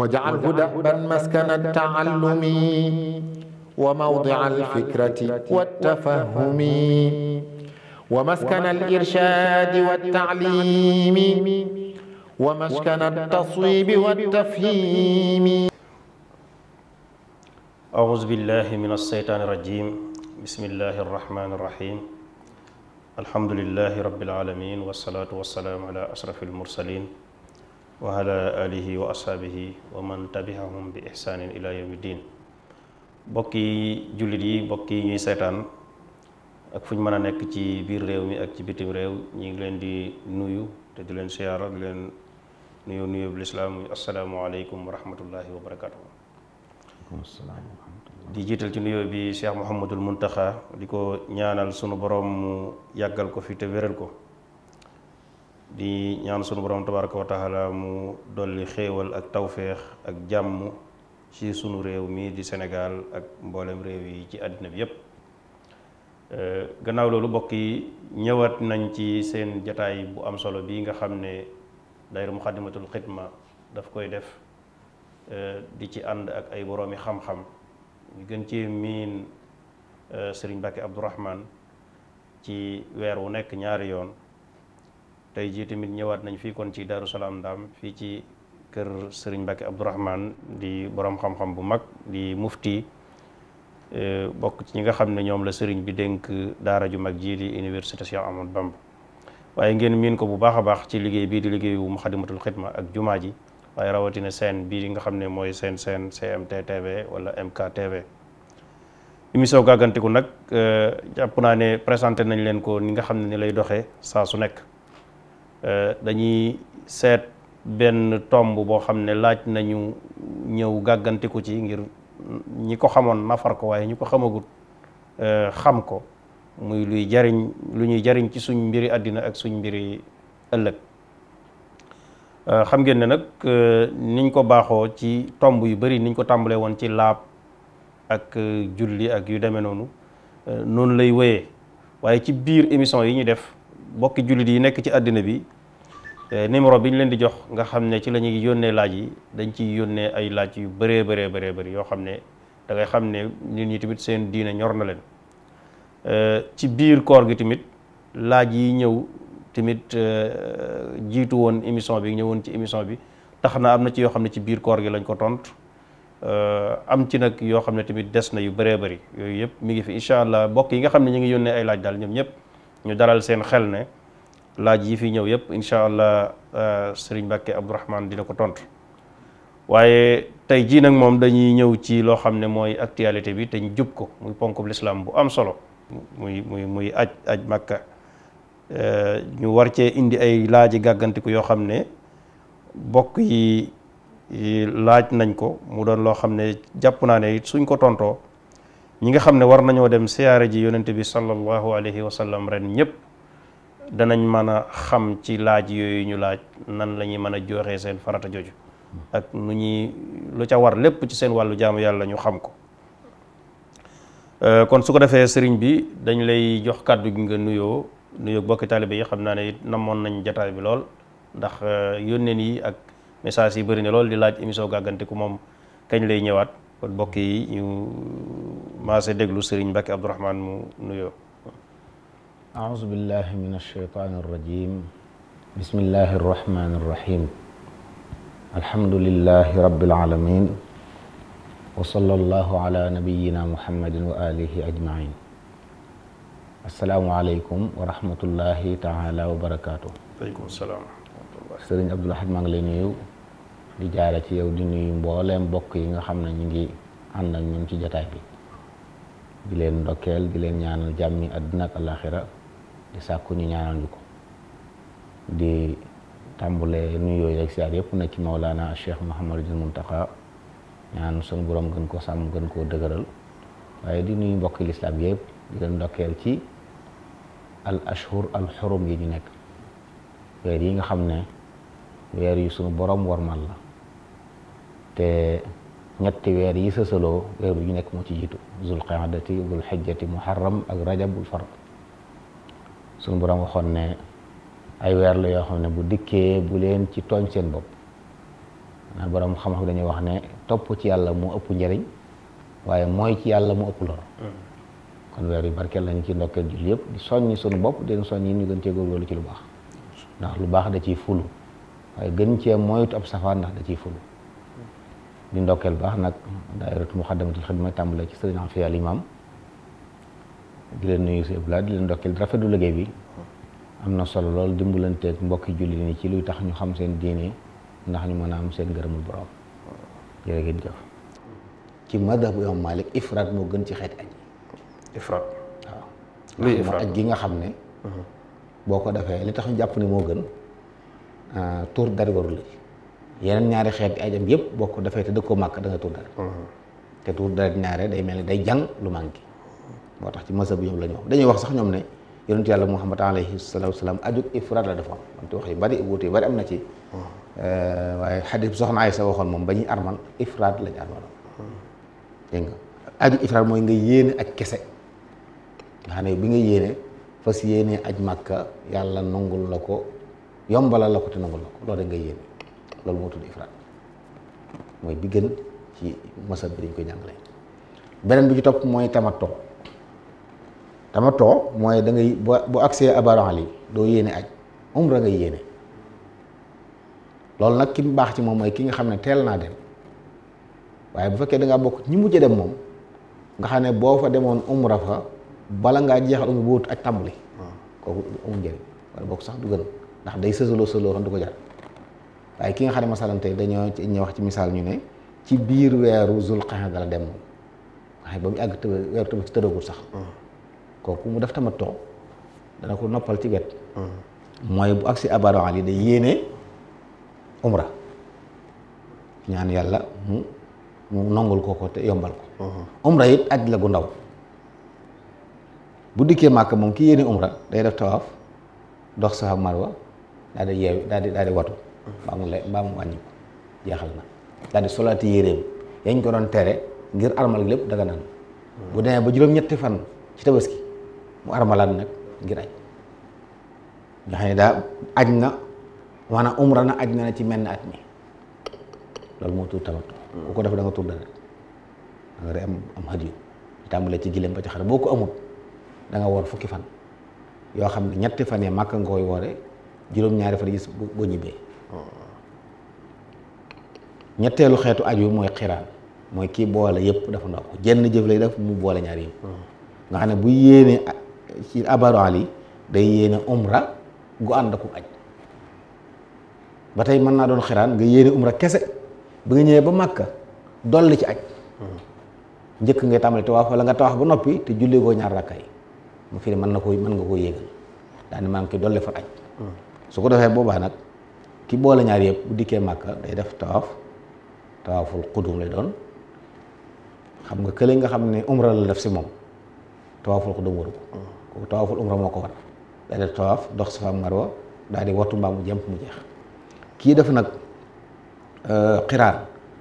واجعله دأبا مسكن التعلم وموضع الفكرة والتفهم ومسكن الإرشاد والتعليم ومسكن التصويب والتفهيم أعوذ بالله من الشيطان الرجيم بسم الله الرحمن الرحيم الحمد لله رب العالمين والصلاة والسلام على أشرف المرسلين wa ala alihi wa ashaabihi wa man tabiahum bi ihsaanin ila yawmi diin bokki jullit yi bokki ñuy seetaan ak fu ñu mën a nekk ci biir réew mi ak ci bitim réew ñi ngi leen di nuyu te di leen siyaara di leen nuyu nuyu bu lislaam muy asalaamualeykum wa rahmatullahi wa barakatuh di jiital ci nuyoo bi Cheikh Mouhamadul Muntaxa di ko ñaanal sunu borom mu yàggal ko fi te wéral ko di ñaan sunu borom tabaraka wa mu dolli xéewal ak tawféex ak jàmm ci sunu réew mi di Sénégal ak mboolem réew yi ci àddina bi yépp euh, gannaaw loolu mbokk yi ñëwaat nañ ci seen jataay bu am solo bi nga xam ne daayira Muxaddamatul Xidma daf koy def euh, di ci ànd ak ay boroomi xam-xam ñu gën cee miin euh, Sëriñ Mbàkke Abdourahman ci weer wu nekk ñaari yoon tey jii tamit ñëwaat nañ fii kon ci Daaru Salaam Ndaam fii ci kër Serigne Mbacke Abdourahmane di borom xam-xam bu mag di mufti e, bokk ci ñi nga xam ne ñoom la Serigne bi dénk daara ju mag jii di université Cheikh amoon Bamba waaye ngeen miin ko bu baax a baax ci liggéey bii di liggéeyu Muxaddamatul Xidma ak jumaa ji waaye rawatina seen bii nga xam ne mooy seen seen CMT TV wala MKTV émission gàggantiku nag e, jàpp naa ne présenté nañ leen ko ni nga xam ne ni lay doxee saa su nekk. Euh, dañuy seet benn tomb boo xam ne laaj nañu ñëw gàggantiku ci ngir ñi ko xamoon nafar ko waaye ñu ko xamagut euh, xam ko muy luy jariñ lu ñuy jariñ ci suñ mbiri àddina ak suñ mbiri ëllëg euh, xam ngeen ne nag niñ ko baaxoo ci tomb yu bari niñ ko tàmbalee woon ci laab ak julli ak yu demee noonu noonu lay wéyee waaye ci biir émission yi ñu def bokki jullit yi nekk ci àddina bi eh, numéro bi ñu leen di jox nga xam ne ci la ñuy yónnee laaj yi dañ ciy yónnee ay laaj yu bëree bëree bëree bëri yoo xam ne dangay xam ne nit ñi tamit seen diine ñor na leen eh, ci biir koor gi tamit laaj yi ñëw tamit eh, jiitu woon émission bi ñëwoon ci émission bi tax na am na ci yoo xam ne ci biir koor gi lañ ko tontu am ci nag yoo xam ne tamit des na yu bëree bëri yooyu yëpp mi ngi fi incha allah mbokk yi nga xam ne ñu ngi yónnee laaj daal ñoom ñëpp. ñu dalal seen xel ne laaj yi fi ñëw yëpp incha allah euh, sëriñ Mbàkke Abdourahman dina ko tontu waaye tey jii nag moom dañuy ñëw ci loo xam ne mooy actualité bi te ñu jub ko muy ponkub lislaam bu am solo muy muy muy aj aj Makka euh, ñu war cee indi ay laaji gàggantiku yoo xam ne bokk yi laaj nañ ko mu doon loo xam ne jàpp naa ne suñ ko tontoo ñi nga xam ne war nañoo dem siyaare ji yonent bi sallallahu alayhi wa sallam ren ñëpp danañ mën a xam ci laaj yooyu ñu laaj nan la ñuy mën a joxe seen farata jooju ak nu ñuy lu ca war lépp ci seen wàllu jaamu yàlla ñu xam ko kon su ko defee sëriñ bi dañ lay jox kàddu gi nga nuyoo nuyoo bokki taalibe yi xam naa ne it namoon nañ jataay bi lool ndax uh, yónneen yi ak message yi bari na lool di laaj émission ku moom kañ lay ñëwaat kon mbokk yi ñu maase déglu sëriñ Mbàkke Abdourahmaan mu nuyoo أعوذ بالله من الشيطان الرجيم بسم الله الرحمن الرحيم الحمد لله رب العالمين وصلى الله على نبينا محمد وآله أجمعين السلام عليكم ورحمة الله تعالى وبركاته وعليكم السلام ورحمة الله sëriñ Abdul Ahad maa ngi lay nuyu di jaare ci yow di nuyu mbooleem mbokk yi nga xam ne ñu ngi àndak ak ñun ci jataay bi di leen ndokkeel di leen ñaanal jàmmi àddina ak alaxira di sàkku ñu ñaanal ñu ko di tàmbulee nuyoo yeeg siyaar yëpp na ci Mawlaana Cheikh Mouhamadul Muntaqa ñaan sunu borom gën koo sàmm gën koo dëgëral waaye di nuyu mbokki yëpp di ci al ashhur al xurum yi nekk weer yi nga xam ne weer yu sunu borom warmal la te ñetti weer yi sësaloo weer bu ñu nekk moo ci jiitu zul qaadati zul xijjati muharram ak bul far suñu borom waxoon ne ay weer la yoo xam ne bu dikkee bu leen ci tooñ seen bopp maanaam borom xam-xam dañuy wax ne topp ci yàlla mu ëpp njëriñ waaye mooy ci yàlla mu ëpp lor hmm. kon weer yu barkeel lañu ci ndokkeel julli yëpp di soññi suñu bopp den leen yi ñu gën cee góorgóorlu ci lu baax ndax lu baax da ciy fulu waaye gën cee moytu ab safaan ndax da ciy fulu di ndokkeel baax nag daayiratu Muxaddamatul Xidma tàmbale ci sëriñ Afiya Limaam di leen nuyu si Abdoulaye di leen ndokkeel di rafetlu liggéey bi am na solo lool dimbalanteeg mbokki julli ni ci luy tax ñu xam seen diine ndax ñu mën a am seen ngërëmul borom jërë ngeen jëf. ci madhabu ifraat moo gën ci xeeti aj ifraat waaw. luy ifraat aj gi nga xam ne. Mhm. boo ko defee li tax ñu jàpp ni moo gën ah, tuur dara warul la yeneen ñaari xeet yi ay dem yëpp bokk dafay te dëkkoo màkk da nga tuur dara uh-huh. te tuur dara ñaare day mel ni day jàng lu manqué moo tax ci masa bu ñoom la ñu wax dañuy wax sax ñoom ne yonentu yàlla Muhammad alayhi salaatu wasalaam ajug ifraat la dafa am te wax yu bari wuute yu bari am na ci uh-huh. waaye xadis bi soxna sa waxoon moom ba ñuy armal ifraat lañu armaloon uh-huh. dégg nga aju ifraat mooy nga yéene ak kese nga xam ne bi nga yéene fas yéene aj màkka yàlla nangul la ko yombalal la ko te nangul la ko loolu da nga yéene loolu moo tudd ifraat mooy bi gën ci masal bi dañ koy jàngale beneen bi ci topp mooy tamatoo tamatoo mooy dangay ngay bu bu agsee abaran yi doo yéene aj umra ngay yéene loolu nag ki mu baax ci moom mooy ki nga xam ne teel naa dem waaye bu fekkee dangaa bokk ñi mujj dem moom nga xam ne boo fa demoon umra fa bala ngaa jeexal umra boobu ak tàmbali ah. kooku amul njëriñ wala bokk sax du gën ndax day sësaloo sësaloo xam du ko jar waaye ki nga xam ne masalan tey dañoo ñu wax ci misaal ñu ne ci biir weeru zul qaada la dem waaye ba mu àgg të weeru tabaski sax kooku mu def tamattu dana ko noppal ci wet mooy bu agsi abado ali day yéene umra ñaan yàlla mu mu nongul ko ko te yombal ko umra it aj la gu ndaw bu dikkee màkk moom ki yéene umra day def tawaaf dox safa marwa daal di yeew daal di daal di watu ba mu le na daal di solaati yéreem yañ ko doon tere ngir armal lépp daga naan bu demee ba juróom-ñetti fan ci tabaski mu armalaat nag ngir aj nga xam ne daa aj na maanaam umra na aj na ci menn at mi loolu moo tuur tamattu bu ko def da nga tuur dara da nga am am xat ci gileem ba ci xar boo ko amul danga nga woor fukki fan yoo xam ne ñetti fan yi màkk nga koy woore juróom-ñaari fan yi boo ñibbee ñetteelu xeetu aju mooy xiraan mooy kii boole yëpp dafa ndaw jenn jëf lay def mu boole ñaar yëpp hmm. nga xam ne bu yéene ci yi day yéene umra gu ànd ak aj ba tey mën naa doon xiraan nga yéene umra kese ba nga ñëwee ba màkka dolli ci aj hmm. njëkk ngay tàmbali tawaaf wala nga tawaaf ba noppi te julli goo ñaar rakka yi mu fi ne mën na ko mën nga koo yéegal daal ni maa ngi dolli fa aj hmm. su ko defee boobaa nag ki boole ñaar yëpp bu dikkee màkka day def tawaaf tawaaful xudum lay doon xam nga kële nga xam ne umra la def si moom tawaaful xudum waru ko kooku tawaaful umra moo ko war day def tawaaf dox safa marwa daal di wattu mbaa mu jeex kii def nag euh, xiraan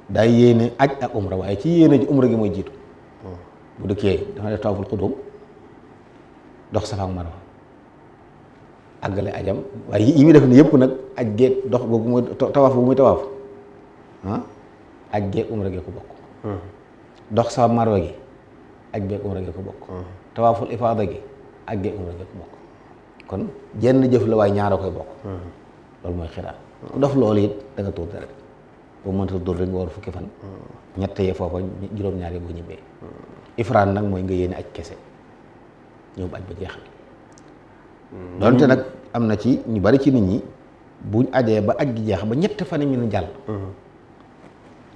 day yéene aj ak umra waaye ci yéene ji umra gi mooy jiitu bu dikkee dafa def tawaaful xudum dox safa marwa àggale ajam waaye yi muy def ni yëpp nag ak geeg dox googu muy tawaaf bu muy tawaaf ah aj umra gi ko bokk mm-hmm. mm-hmm. tawaaful ifaada gi aj geeg umra gi ko bokk kon jenn jëf la waaye ñaara koy bokk mm-hmm. loolu mooy xiraat ku def loolu it da nga tuur deret boo mënta tuur rek nga war fukki fan ñett yee foofa juróom-ñaar yi boo ñibbee ifraan nag mooy nga yéene aj kese ñëw aj ba jeexal Mm-hmm. donte nag am na ci ñu bari ci nit ñi buñ ajee ba aj gi jeex ba ñett fan ñu ni jàll mm-hmm.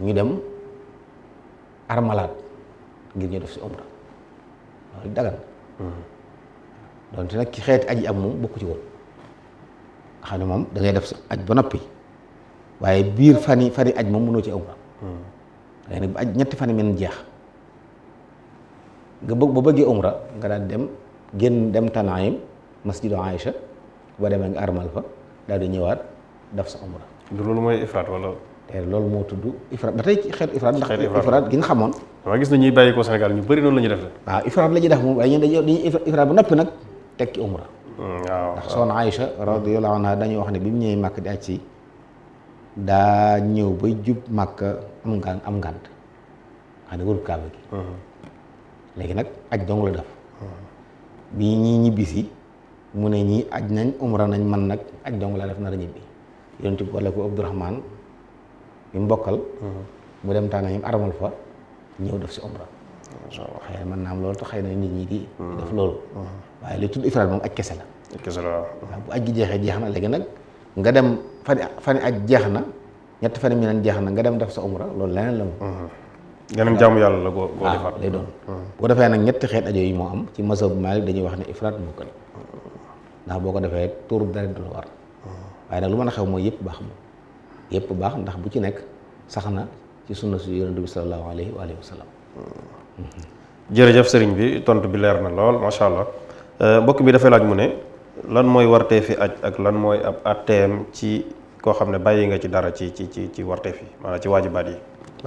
ñu dem armalaat ngir ñu def si omra loolu dagan mm-hmm. donte nag ki xeeti aj yi am moom bokku ci woon nga xam ne moom da def si aj ba noppi waaye biir fani fani aj moom mënoo ci omra da ngay ba aj ñetti fan yi jeex nga bëgg ba bëggee omra nga daan dem génn dem Tanaim masjidu Aïcha boo demee nga armal fa daal di ñëwaat daf sa umra. loolu mooy ifraat wala. te loolu moo tudd ifraat ba tey ci xeetu ifraat. ndax ifraat gi nga xamoon. waaw gis nañ ñuy bàyyi ko Sénégal ñu bëri noonu la ñuy def. waaw ifraat la ñuy def moom waaye ñun dañuy dañuy ifraat ba noppi tekki umra. Mm, waaw ndax soxna Aïcha dañuy wax ne bi mu ñëwee màkk di aj si daa ñëw ba jub màkk am ngant am ngànt xam ne warul kaaba gi. Mm-hmm. léegi nag ak dong la bi ñuy ñibbisi. mu ne ñii aj nañ umra nañ man nag aj dong laa def nar a ñibbi yonent bi walla ko Abdourahman bi mu mm-hmm. mu dem taa nañu aramal fa ñëw def si umra xëy mën naa am loolu te xëy na nit ñi di mm-hmm. def loolu mm-hmm. waaye li tudd ifraat moom aj kese la waaw bu aj gi jeexee jeex na léegi nag nga dem fani fani aj jeex na ñett fani mi neen jeex na nga dem def sa umra loolu leneen la ne geneen jaamu yàlla la goo ah, defaat lay doon boo defee nag ñetti xeet ajo yi moo am ci mazhab Maalik dañuy wax ne ifraat moo gën ndax boo ko defee tuur deret du war waaye nag lu mën a xew mooy yëpp baax moom yëpp baax ndax bu ci nekk sax na ci sunna su yonent bi sallallahu alayhi wa alihi wa sallam sëriñ bi tontu bi leer na lool macha allah euh, mbokk bi dafay laaj mu ne lan mooy wartee fi aj ak lan mooy ab atteem ci koo xam ne bàyyi nga ci dara ci ci ci ci wartee fi maanaam ci waajibaat yi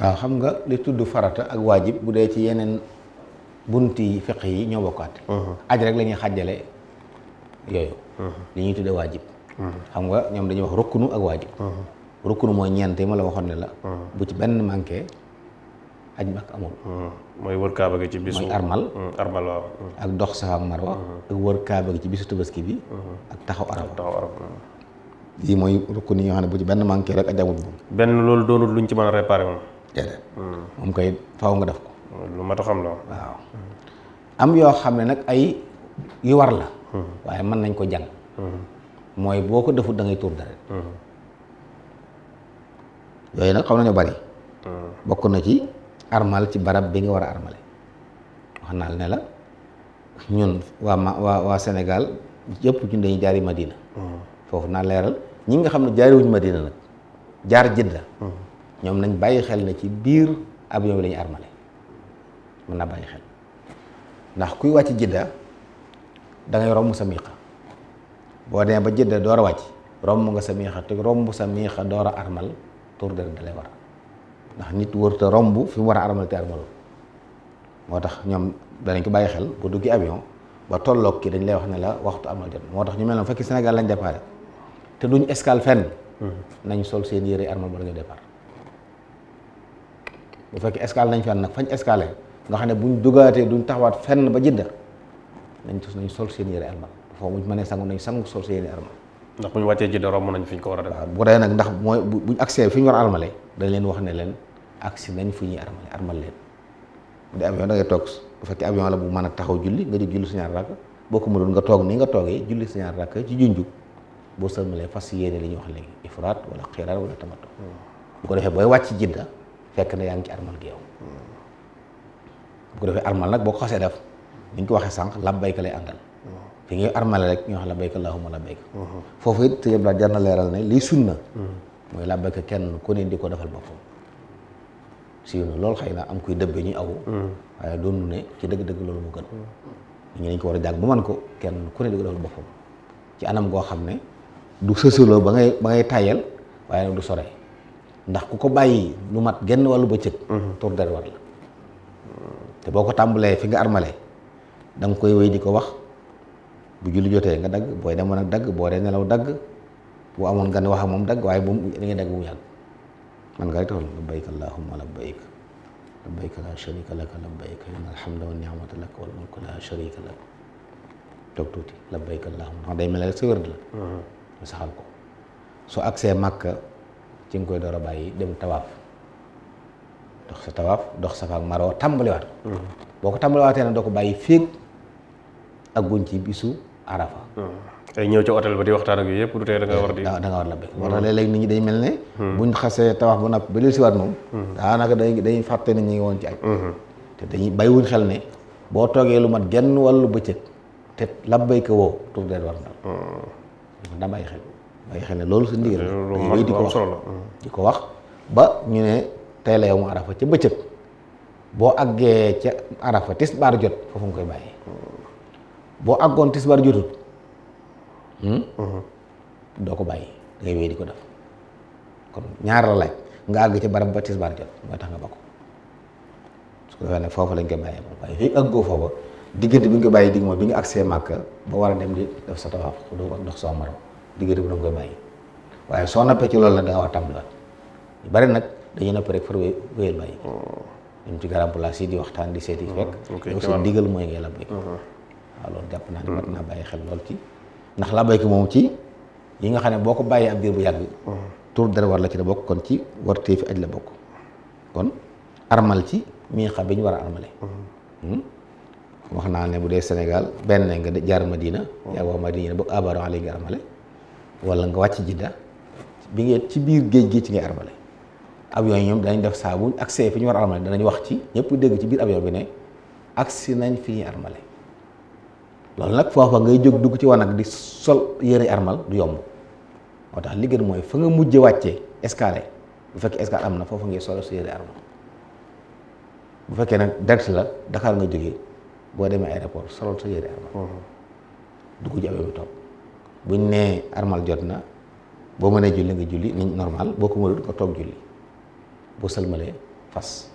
waaw xam nga li tudd farata ak waajib bu dee ci yeneen bunt fiq yi ñoo bokkaat mhm. aj rek la ñuy xàjjale yooyu mm-hmm. li ñuy tuddee waajib mm-hmm. xam nga ñoom dañuy wax rukkunu ak waajib mm-hmm. rukkunu mooy ñeent yi ma la waxoon ne la bu ci benn manqué aj mooy wër kaaba gi ci bisu mooy armal ak dox sa ak marwa ak wër kaaba gi ci bisu tabaski bi ak taxaw arab mooy rukk ni yoo ne bu ci benn manqué rek aj moom benn loolu doonul luñ ci mën a réparé moom moom koy faw nga def ko lu mat a xam la waaw am yoo xam ne nag ay yu war la waaye mën nañ ko jàng hmm. mooy boo ko defut da ngay tuur dara hmm. yooyu nag xam nañu bari hmm. bokk na ci armal ci barab bi nga war a armale wax ne la ñun waa ma waa waa Sénégal yëpp naa leeral ñi nga xam ne jaariwuñ Madina nag jaar Jidda ñoom nañ bàyyi xel na ci biir avion bi la ñu mën naa bàyyi xel ndax kuy wàcc Jidda da ngay romb sa miixa boo dee ba jëdda door a wàcc romb nga sa miixa te romb sa miixa door a armal tour de dalay war ndax nit wërta romb fi mu war a armal te armalul moo tax ñoom danañ ko bàyyi xel bu duggi avion ba tolloog ki dañ lay wax ne la waxtu amal jot moo tax ñu mel ne fekk Sénégal lañ déparé te duñ escale fenn hmm. nañ sol seen yére armal ba la ñu départ bu fekkee escale nañ fenn nag fañ escale nga xam ne buñ dugaatee duñ taxawaat fenn ba jidda nañ nañ sol seen yére armal foo mu mënee sangu nañ sangu sol seen yére armal ndax bu ñu wàccee ji romb nañ fi ñu ko war a def waaw bu ko defee nag ndax mooy leen wax ne leen agsi nañ fu ñuy armale armal leen bu dee avion da ngay toog bu fekkee avion la bu mën a taxaw julli nga di julli sa ñaar rakk boo ko ni nga toogee julli sa ñaar rakk ci junju boo sëlmalee fas yéene li ñuy wax léegi ifraat wala xiraat wala tamato bu ko defee booy wàcc jidda fekk na yaa ngi ci armal gi yow hmm. bu ko defee armal nag boo ko xasee def niñ ko waxee sànq labbayka lay àndal mm-hmm. fi ngay armale rek ñu wax labbayka allahumma labbayka mm-hmm. foofu it yëpp laa jar na leeral ne lii sunna mm-hmm. mooy labbayka kenn ku ne di ko defal boppam siiw na loolu xëy na am kuy dëbbe ñuy aw waaye doonu ne ci dëgg-dëgg loolu mu gën ñu ko war a jàng ba man ko kenn ku ne di ko defal boppam ci anam goo xam ne du sësaloo ba ngay ba ngay waaye nag du sore ndax ku ko bàyyi lu mat genn wàllu bëccëg tur der war la te boo ko tàmbalee fi nga armale da nga koy wéy di ko wax bu julli jotee nga dagg booy demoon ak dagg boo dee nelaw dagg bu amoon gan wax ak moom dagg waaye bu mu da ngay dagg bu mu yàgg man nga rek taxul labbayka allahumma labbayk labbayka laa sharika laka labbayk inna alhamda wa ni'mata laka wal mulku laa sharika lak toog tuuti labbayka allahumma ndax day mel rek sa wërd la nga saxal ko su agsee màkka ci nga koy door a bàyyi dem tawaaf dox sa tawaaf dox safa ak marwa tàmbaliwaat mm-hmm. boo ko tàmbaliwaatee nag doo ko bàyyi féeg ak agguñ ci bisu arafa. ay ah. ñëw ca hôtel ba di waxtaan ak yooyu yëpp du tee da nga war di. Eh, da nga a labbe moo tax hmm. léeg day mel ne. Hmm. buñ xasee tabax ba noppi ba léegi si moom. Hmm. daanaka day day fàtte ne ñu ngi woon ci te dañuy bàyyiwuñ xel ne boo toogee lu mat genn wàllu bëccëg te labbay ko woo tur dee war na. da bàyyi xel bàyyi xel ne loolu sa ndigal. loolu di ko wax di ko wax ba ñu ne tey la yow mu arafa ca bëccëg boo àggee ca arafa tisbaar jot foofu nga koy bàyyi. boo àggoon tisbaar jotut hmm, doo ko bàyyi ngay wéy di ko def kon ñaar la laaj nga àgg ci barab ba tisbaar jot mooy tax nga ba ko su ko defee foofu lañ ko bàyyee moom waaye fii àggoo foofa diggante bi nga koy bàyyi digg moom bi nga agsee Màkka ba war a dem di def sa tawaaf xudu ak ndox soo marom diggante bi da nga koy bàyyi waaye soo noppee ci loolu la da nga war a tàmbaliwaat yu bari nag dañuy nopp rek far wéyal bàyyi oh. dem ci garam place yi di waxtaan di seeti oh, fekk yow sa ndigal mooy ngay la waaw loolu jàpp naa ne mat bàyyi xel lool ci ndax laa béykat moom ci yi nga xam ne boo ko bàyyee ab diir bu yàgg tur dara war la ci la bokk kon ci war tée fi aj la bokk kon armal ci mii xam bi ñu war a armale hmm? wax naa ne bu dee Sénégal benn nga jaar Madina yaa wax Madina ba abaro ali nga armale wala nga wàcc Jidda bi ngeen ci biir géej gi ci ngay armale avion yi ñoom danañ def saabu ak accès fi ñu war a armale danañ wax ci ñëpp dégg ci biir avion bi ne aksi nañ fi ñuy armale loolu nag foofa ngay jóg dugg ci wanag di sol yëre armal du yomb moo tax li gën mooy fa nga mujj wàccee escale bu fekkee escale am na foofu ngay solo sa yëre armal bu fekkee nag direct la Dakar nga jóge boo demee aéroport solol sa yëre armal mhm. dugg ci avion bi toog buñ nee armal jot na boo mënee julli nga julli ni normal boo ko mënul nga toog julli boo sëlmalee fas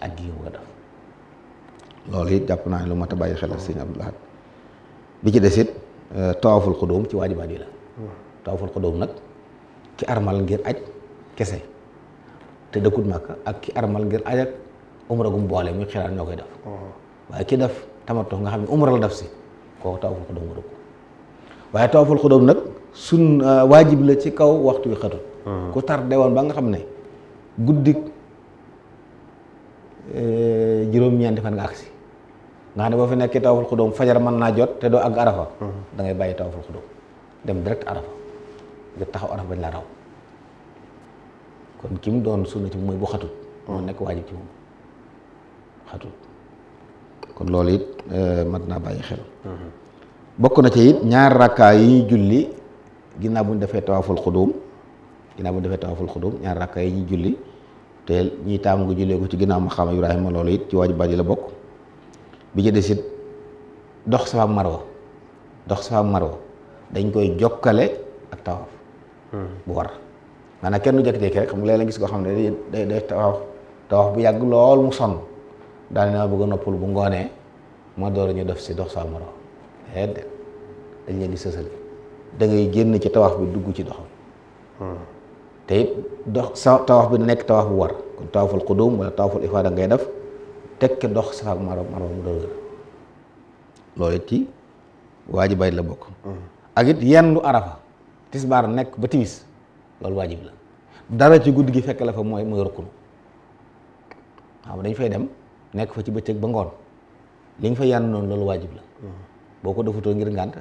ak gi nga def loolu it jàpp naa ne lu mat a bàyyi xel la sëñ bi ci des it euh, tawaaful xudóom ci waajibaat yi la tawaaful xudóom nag ki armal ngir aj kese te dëkkut Makka ak ki armal ngir aj ak gum boole muy xiraan ñoo koy def oh. waaye ki def tamattu nga xam ne umra def si kooku tawaaful xudóom nga dëkk nag sun euh, waajib la ci kaw waxtu wi xatut hmm. ku tardé woon ba nga xam ne guddi euh, juróom-ñeenti fan nga agsi nga xam ne boo fi nekkee tawaful xudóom fajar mën naa jot te doo àgg arafa da ngay bàyyi tawaful xudóom dem direct arafa nga taxaw arafa bañ la raw kon ki mu doon sunna ci mooy bu xatut moo nekk waajib ci moom xatut kon loolu it euh, mat naa bàyyi xel bokk na ci it ñaar rakkaa yi ñuy julli ginnaaw bu ñu defee tawaful xudóom ginnaaw bu ñu defee tawaful xudóom ñaar rakkaa yi ñuy julli te ñiy taamu nga jullee ko ci ginnaaw maqaama Ibrahima loolu it ci waajibaat yi la bokk bi ci desit dox safa marwa dox safa maro dañ koy jokkale ak tawaaf hmm. bu war maanaam kenn du jékki-jékki rek xam nga léeg-léeg gis koo xam ne day day day tawaaf tawaaf bu yàgg lool mu sonn daal na bëgg a noppal bu ngoonee ma ñu def si dox safa leen di sësale da ngay génn ci tawaaf bi dugg ci dox hmm. te it dox sa tawaaf bi nekk tawaaf bu war kon tawaaful qudum wala tawaaful ifaada ngay def tekki dox safaak maroom maroom mu dëgër loolu it ci waajib bayit la bokk mm-hmm. ak it yendu arafa tisbaar nekk ba timis loolu waajib la dara ci guddi gi fekk la fa mooy mooy rukkunu waaw dañ fay dem nekk fa ci bëccëg ba ngoon li ñu fa yenn noonu loolu waajib la mm-hmm. boo ko defutoo ngir ngànt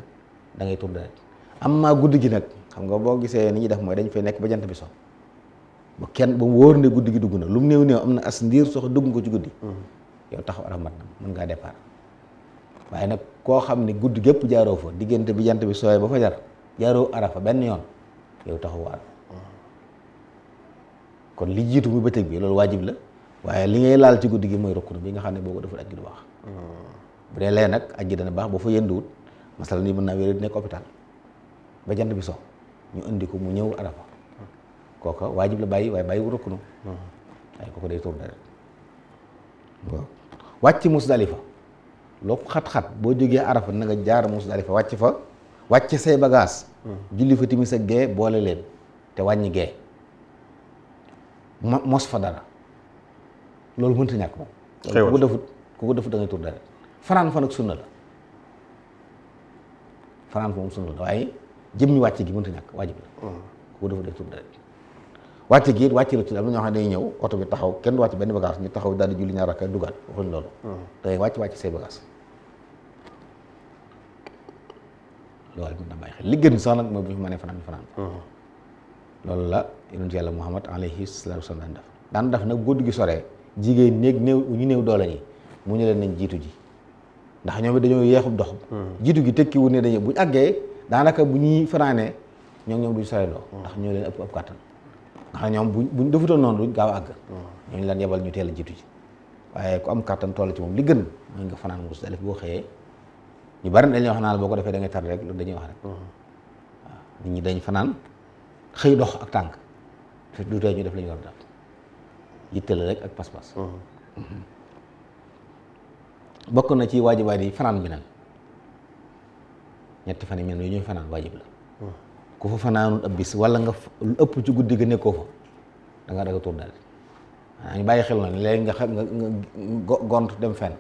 dangay ngay tur deret amma guddi gi nag xam nga boo gisee ni ñuy def mooy dañ fay nekk ba jant bi so ba kenn ba mu wóor ne guddi gi dugg na lu mu néew néew am na as ndiir sox dugg ko ci guddi mm-hmm. yow taxaw araf mat na mën ngaa départ waaye nag koo xam ne guddi gépp jaaroo fa diggante bi jant bi sooyee ba fa jar jaaroo arafa benn yoon yow taxawu araf kon li jiitu muy bëccëg bi loolu waajib la waaye li ngay laal ci guddi gi mooy rukkunu bi nga xam ne boo ko deful aj gi du bu dee lee nag aj gi baax boo fa yënduwut masala ni mën naa wéeru di nekk hôpital ba jant bi so ñu indi ko mu ñëw arafa kooka waajib la bàyyi waaye bàyyi wu rukkunu wàcc Musdalifa loo xat-xat boo jógee Arafa na nga jaar Musdalifa wàcc fa wàcc say bagaas julli fa timis ak gee boole leen te wàññi gee mos fa dara loolu mënta ñàkk moom ku ko defut ku ko defut da ngay tur dara fanaan fa nag sunna la fanaan fa moom sunna la waaye jëm wàcc gi mënta ñàkk waajib la mm. ku ko defut day tur dara wàcc gi wàcc wàcce la ci am ñoo xam ne day ñëw oto bi taxaw kenn du wàcc benn bagage ñu taxaw daal di julli ñaar rakka dugaat waxuñ loolu hmm. wàcc wàcc say bagage loolu mën na sax nag mooy bu ñu mënee fanaan fanaan hmm. loolu la yonent yàlla Muhammad alayhi salaatu wa salaam daan def daan def nag guddi gi soree jigéen néeg ñu néew doole ñi mu ñu leen jiitu ji ndax ñoo it dañoo yeexub dox hmm. jiitu gi tekki ne dañu bu àggee daanaka bu ñuy fanaanee ñoo ñoom duñ soree loo ndax ñoo leen ëpp ëpp kàttan ndax ñoom buñ buñ defutoon noonu duñ gaaw àgg ñooñu lan yebal ñu teel a jiitu ci waaye ku am kàttan toll ci moom li gën mooy nga fanaan Musdalifa boo xëyee ñu bari dañuy wax naan boo ko defee da ngay tar rek loolu dañuy wax rek mm-hmm. waaw nit ñi dañ fanaan xëy dox ak tànk fi ñu def la ñu war a def rek ak pas-pas mm-hmm. bokk na ci waajibaat yi fanaan bi nag ñetti fan yi ñuy fanaan waajib la ku fa fanaanul ab bis wala nga lu ëpp ci guddi ga nekkoo fa da nga daga tuur daal maanaam bàyyi xel na léegi nga xam nga gont dem fenn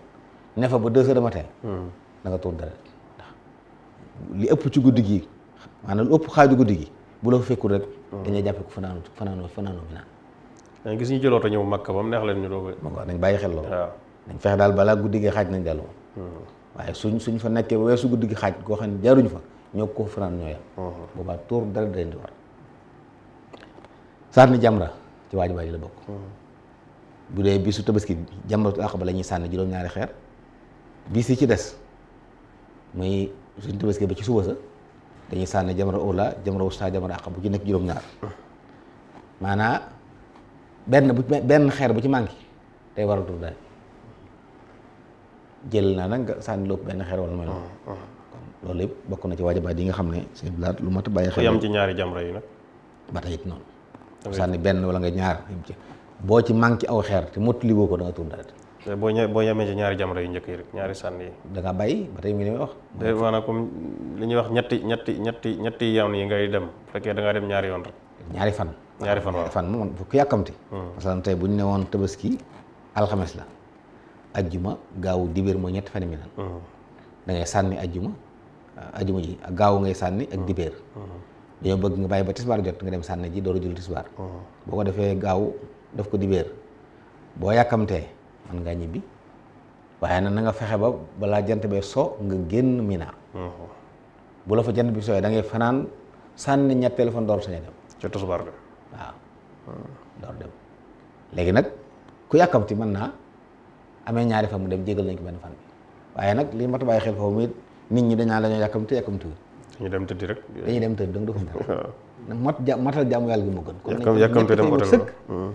ba deux heures de matin hmm. da nga ci guddi gi maanaam lu ëpp xaaju guddi gi bu la rek hmm. dañuy jàppe ku fanaanu fanaanoo fanaanoo bi naan gis ñu jëlooto ñëw Makka ba mu neex leen ñu doo ko waaw bàyyi xel loolu dañ fexe daal balaa guddi gi xaaj nañ daal moom waaye suñ suñ fa nekkee ba weesu guddi gi xaaj koo xam ne jaaruñu fa ñoo ko fanaan ñoo yam uh-huh. boobaa tóor dara daleen di war sànni jamra ci waaji waaji la bokk uh-huh. bu dee bisu tabaski jamratu aqaba la ñuy sànni juróom-ñaari xeer bis yi ci des muy suñ tabaski ba ci suba sa dañuy sànni jamra ula jamra wusta jamra aqaba bu ci nekk juróom-ñaar maanaa benn bu benn xeer bu ci manqué day waral tur daal jël naa nag nga sànni lopp benn xeer wala mooy loolu lépp bokk na ci waajabaat di nga xam ne seen bilaat lu mat a bàyyi xel. yam ci ñaari jamra yi nag. ba tey it noonu. sànni benn wala nga ñaar boo ci manqué aw xeer te mottali woo ko da nga tuur te boo ña boo yamee ci ñaari jamra yu njëkk rek ñaari sànni yi. da ba tey mi ngi wax. te maanaam comme li ñuy wax ñetti ñetti ñetti ñetti yoon yi ngay dem bu fekkee da ngaa ñaari yoon rek. ñaari fan. ñaari fan waaw fan moom ku yàkkamti. masalan hmm. bu ñu ne woon tabaski alxames la ajjuma gaawu dibéer mooy ñetti fan mi naan hmm. da ngay sànni ajjuma ajuma ji ak gaaw ngay sànni ak mm. dibéer mm. dañoo bëgg nga bàyyi ba tisbaar jot nga dem sànni ji door a julli tisbaar mm. boo ko defee gaaw def ko dibéer boo yàkkamtee man ngaa ñibbi waaye nag na nga fexe ba balaa jant bee so nga génn Mina mm-hmm. bu la fa jant bi sooyee da ngay fanaan sànni ñett téléphone door saña dem ca tisbaar ga waaw door dem léegi nag ku yàkkamti mën naa amee ñaari fan mu dem jégal nañ ko benn fan bi waaye nag li ma ta bàyyi xel foofu nit ñi dañ naan la ñoo yàkkamti yàkkamti ñu dem tëddi rek. dañuy dem tëdd danga defoon dara. mat ja matal jaamu yàlla gi moo gën. kon nañu yàkkamti dem otel sëkk. Hmm.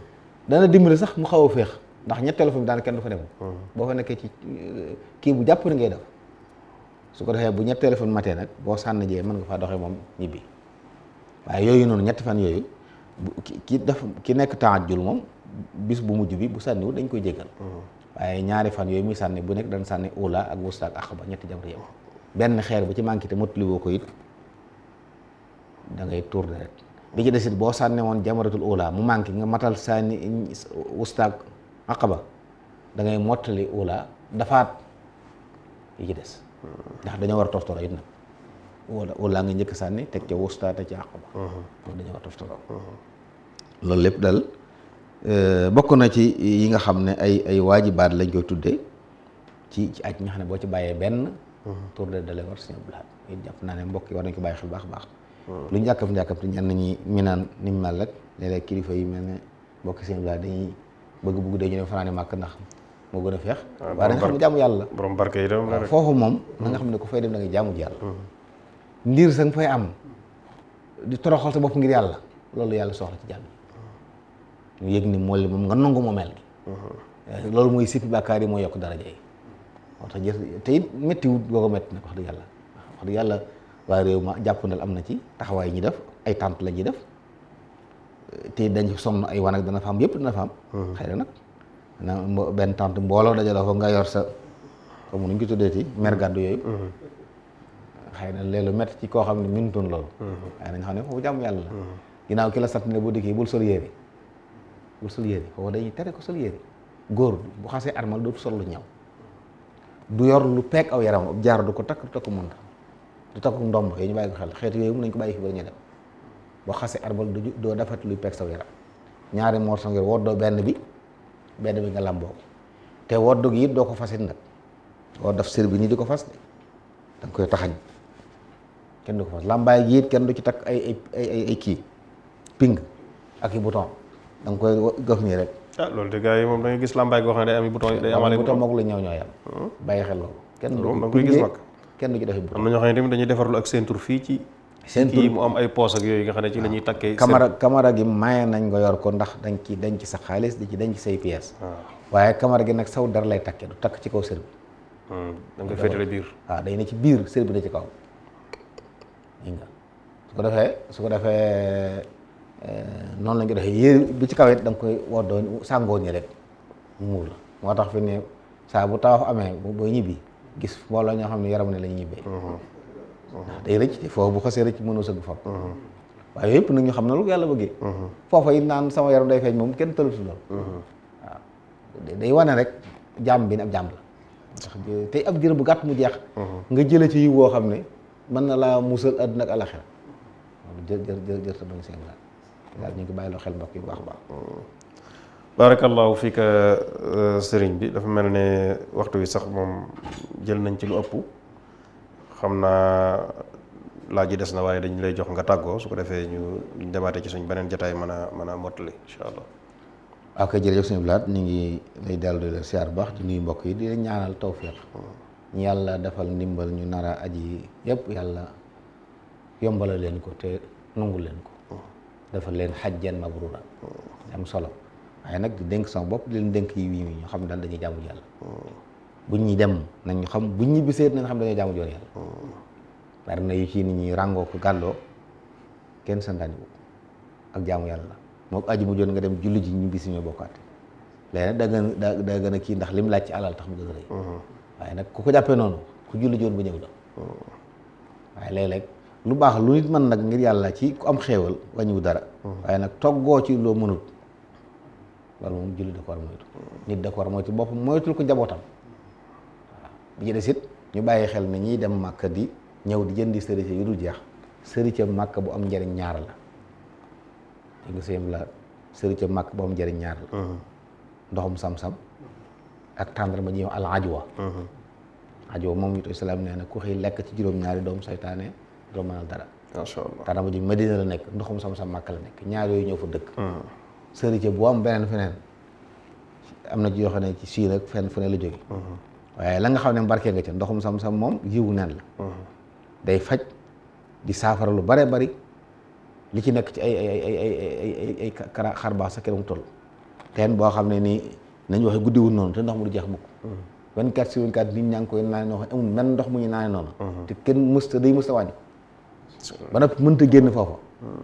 dana dimbali sax mu xaw a féex ndax ñett téléphone bi kenn du fa dem. Hmm. boo fa nekkee ci euh, kii bu jàpp ngay def su ko defee bu ñett téléphone matee nag boo sànn jee mën nga fa doxee moom ñibbi waaye yooyu noonu ñetti fan yooyu ki daf ki nekk tahajjud moom bis bu mujj bi bu sànniwul dañ koy jéggal hmm. waaye ñaari fan yooyu muy sànni bu nekk dañ sànni ula ak wusta ak axaba ñetti jamono yëpp benn xeer bu ci manqué te mottali woo ko dangay da ngay tourné rek bi ci desit boo sànne woon jamaratul ula mu manqué nga matal sànni wustaak aqaba da ngay mottali ula dafaat yi ci des ndax dañoo war a toftaloo it nag wala nga njëkk sànni teg ca wusta te ci aqaba kon dañoo war toftaloo loolu lépp dal euh, bokk na ci yi nga xam ne ay ay waajibaat lañ koy tuddee ci ci aj nga ne boo ci bàyyee benn Mhm. tourné délewar sëñ Abdou Lahad it jàpp naa ne mbokk yi war nañ ko bàyyi xel baax baax mhm. lu ñu jàkkam jàkkamte ñenn ñi mi naan ni mu rek léeg kilifa yi mel ne mbokk sëñ Abdou Lahad dañuy bëgg-bëgg dañu ne fanaane màkk ndax moo gën a feex ah, waaye da xam ne jaamu yàlla borom barke yi dem foofu moom na nga mhm. xam ne ku fay dem da nga jaamu yàlla ndiir sa nga fay am di toroxal sa bopp ngir yàlla loolu yàlla soxla ci jàmm ñu yëg ni mool li moom nga nangu moomeel gi eh, loolu mooy sippi bàkkaar yi mooy yokk daraja yi moo tax te it métti wut boo ko métti nag wax dëgg yàlla wax yàlla waaye réew ma jàpp jàppandal am na ci taxawaay ñi def ay tànt la ñuy def te dañ ci sonn ay wanag dana fa am yëpp dana fa am. Mm-hmm. xëy na nag benn tant mbooloo dajal fa nga yor sa comme nu ñu ko tuddee ci mer gàddu yooyu. Mm-hmm. xëy na léeg lu métti ci koo xam ne mënutoon loolu. Mm-hmm. waaye nañu xam ne foofu jàmm yàlla la. ginnaaw ki la sant ne bu dikkee bul sol yére bul sol yére foofu dañuy tere ko sol yére góor bu xasee armal dootu sol lu ñaw. du yor lu peeg aw yaram ab jaar du ko takk du takk mënta du takk ndomb yooyu ñu bàyyi ko xel xeetu yooyu mën nañ ko bàyyi fi ba ñu dem boo xasee du doo defati lu peeg saw yaram ñaari morso ngir woddoo benn bi benn bi nga làmboo te woddoo gi it doo ko fasit nag woo daf sër bi nii di ko fas de danga koy taxañ kenn du ko fas làmbaay gi kenn du ci takk ay ay ay kii ping ak i bouton danga koy gëf nii rek ah loolu de gars yi moom da nga gis làmbaay goo xam ne day am bouton day amaale bouton mook la ñëw ñoo hmm? bàyyi xel loolu kenn du ko koy gis defarlu ak seen fii ci seen mu am ay poos ak yooyu nga xam ne ci la ñuy takkee camara camara gi maye nañ nga yor ko ndax dañ ci dañ ci sa xaalis di ci dañ ci say pièces ah. waaye camara gi nag saw dara lay takkee du takk ci kaw sër bi hmm, da nga koy féetale biir waaw ah, day ne ci biir sër bi ne ci kaw su ko defee su ko defee Eh, noonu la ñu ko defee yére bi ci kaw danga da nga koy woddoo sàngoo nii rek muur la moo tax fi ne saa bu tawaaf amee booy ñibbi gis mbooloo ñoo xam ne yaram ne la ñu ñibbee mm-hmm. Mm-hmm. ndax day rëcc te foofu bu xasee rëcc mënoo sëgg fab mm-hmm. waaye yëpp nag ñu xam na lu yàlla bëggee foofa it naan sama yaram day feeñ moom kenn tëlatu lool waaw day wane rek jàmm bi ne ab jàmm la ndax tey ab diir bu gàtt mu jeex nga jële ci yiw woo xam ne mën na laa musal àdduna ak alaxira jër jër jër jër ta bañ daal ñu ngi bàyyi loo xel mbokk yi baax a baax. barakallahu fii euh, sëriñ bi dafa mel ne waxtu wi sax moom jël nañ ci lu ëpp xam naa laaj yi des na waaye dañ lay jox nga tàggoo su ko defee ñu demaatee ci suñ beneen jotaay mën a mën a mottali incha allah. waaw kay jërëjëf suñu bilaat ñu ngi lay dellu la siyaar bu baax di nuyu mbokk yi di la ñaanal tawfiq ñu hmm. yàlla defal ndimbal ñu nara aji yëpp yàlla yombalal leen ko te nangu leen ko. dafa leen xajjan mabruura am solo waaye nag di dénk sama bopp leen dénk yi wii ñu xam daal dañuy jaamu yàlla buñ ñuy dem nañ xam buñ ñi biseet nañ xam dañoo jaamu joon yàlla bari na yu ci ni ñuy ràngoo ko gàlloo kenn santaani ko ak jaamu yàlla moo aju mu joon nga dem julli ji ñu bisi ñoo bokkaate léegi nag da gën a da gën kii ndax lim laaj ci alal tax mu gën a rëy mm-hmm. waaye nag ku ko jàppee noonu ku julli joon ba ñëw la mm-hmm. waaye léeg-léeg lu baax lu nit mën nag ngir yàlla ci ku am xéewal wañu dara waaye nag toggoo ci loo mënut loolu moom julli da ko war moytu nit da ko war moytu boppam moytul ko njabootam waaw bi ci sit ñu bàyyi xel ne ñiy dem màkk di ñëw di jëndi sërice yu dul jeex sërice màkk bu am njëriñ ñaar la ñu ngi sëyam la màkk bu am njëriñ ñaar la ndoxum sam-sam ak tàndarma ji al ajwa ajwa moom it islaam nee na ku xëy lekk ci juróom-ñaari doom saytaane doo mënal dara. macha allah daanaka mujj Madina la nekk ndoxum sam-sam makk la nekk ñaar yooyu ñëw fa dëkk. Hmm. sërite boo am beneen feneen am na ci yoo xam ne ci sii fenn fu la jóge hmm. waaye la nga xam ne mbarkee nga ca ndoxum sam-sam moom jiwu neen la. Hmm. day faj di saafara lu bare bari li ci nekk ci ay ay ay ay ay ay kara xarbaax sa këram toll. teen boo xam ne nii nañ waxe guddiwul noonu te ndox mu du jeex mukk 24 sur ndox mu ñu naan noonu. te kenn mësta day mësta wàññi. ba nag mënta génn foofa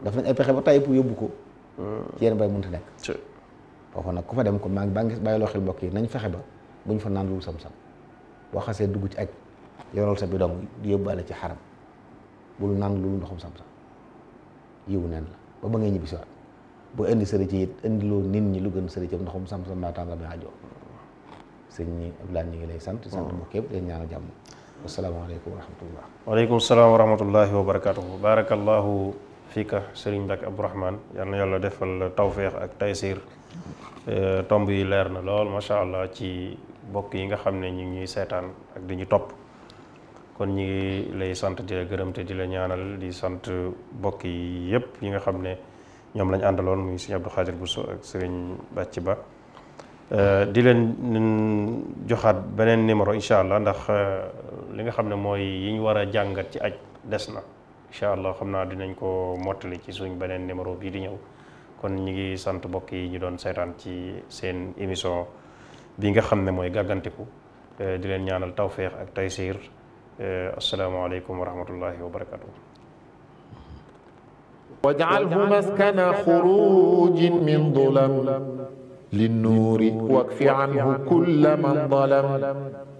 dafa nañ ay pexe ba tey pour yóbbu ko ci yenn bay mënta nekk foofa nag ku fa dem kon maa ngi baa ngi bàyyi loo mbokk yi nañ fexe ba bu fa naan sam-sam boo xasee dugg ci ak yoral sa bi dong di yóbbaale ci xaram bul naan lu ndoxum sam-sam yiwu neen la ba ba ngay ñibbi si waat bu indi sëri ci it indiloo nit ñi lu gën sëri ci ndoxum sam-sam laa tànga bi ajoo sëñ ñi laa ñu ngi lay sant sant oh. mbokk yëpp leen ñaanal jàmm wasalaamaaleykum wa rahmatullah waaleykum salaam wa rahmatullahi wa barakatuhu barakallahu fika sëriñ Mbàkke Abdourahmane yal na yàlla defal tawféex ak taysiir eh, tomb yi leer na lool macha allah ci mbokk yi nga xam ne ñu ngi ñuy seetaan ak di ñu topp kon ñu ngi lay sant di la gërëm te di la ñaanal di sant mbokk yi yëpp yi nga xam ne ñoom lañ àndaloon muy sëriñ Abdou bu so ak sëriñ Bàcc Ba Euh, di leen joxaat beneen numéro incha allah ndax euh, li nga xam ne mooy yi ñu war a jàngat ci aj des na incha allah xam naa dinañ ko mottali ci suñ beneen numéro bii di ñëw kon ñu ngi sant mbokk yi ñu doon seetaan ci seen émission bi nga xam ne mooy gàgganteku euh, di leen ñaanal tawféex ak taysiir asalaamaaleykum wa rahmatullahi wa barakatu waj'alhu maskana xurujin min dulam للنور واكف عنه كل من ظلم